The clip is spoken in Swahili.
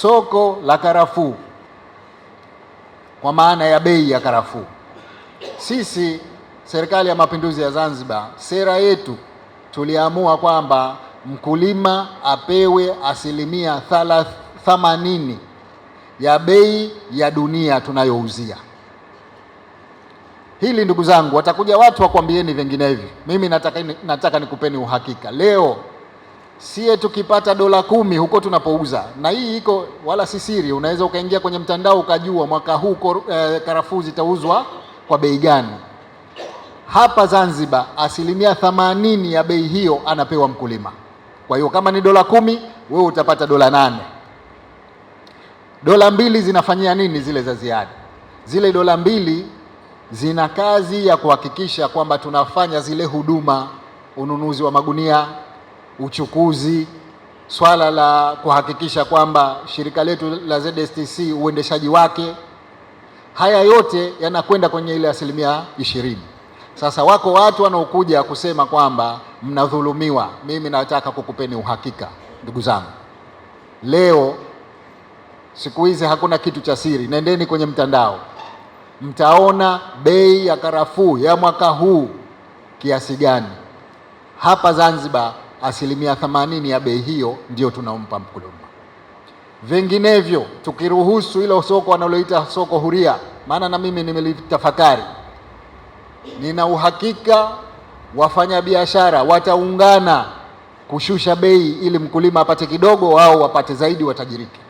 soko la karafuu kwa maana ya bei ya karafuu. Sisi serikali ya mapinduzi ya Zanzibar, sera yetu tuliamua kwamba mkulima apewe asilimia thalath, thamanini ya bei ya dunia tunayouzia. Hili ndugu zangu, watakuja watu wakwambieni vinginevyo. Mimi nataka, nataka nikupeni uhakika leo sie tukipata dola kumi huko tunapouza, na hii iko wala si siri, unaweza ukaingia kwenye mtandao ukajua mwaka huu eh, karafuu zitauzwa kwa bei gani. Hapa Zanzibar asilimia themanini ya bei hiyo anapewa mkulima. Kwa hiyo kama ni dola kumi, wewe utapata dola nane. Dola mbili zinafanyia nini zile za ziada? Zile dola mbili zina kazi ya kuhakikisha kwamba tunafanya zile huduma, ununuzi wa magunia uchukuzi, swala la kuhakikisha kwamba shirika letu la ZSTC uendeshaji wake, haya yote yanakwenda kwenye ile asilimia ishirini. Sasa wako watu wanaokuja kusema kwamba mnadhulumiwa. Mimi nataka kukupeni uhakika, ndugu zangu, leo siku hizi hakuna kitu cha siri. Nendeni kwenye mtandao, mtaona bei ya karafuu ya mwaka huu kiasi gani hapa Zanzibar asilimia 80 ya bei hiyo ndio tunaompa mkulima. Vinginevyo tukiruhusu ilo soko wanaloita soko huria, maana na mimi nimelitafakari, nina uhakika wafanyabiashara wataungana kushusha bei ili mkulima apate kidogo, wao wapate zaidi, watajirike.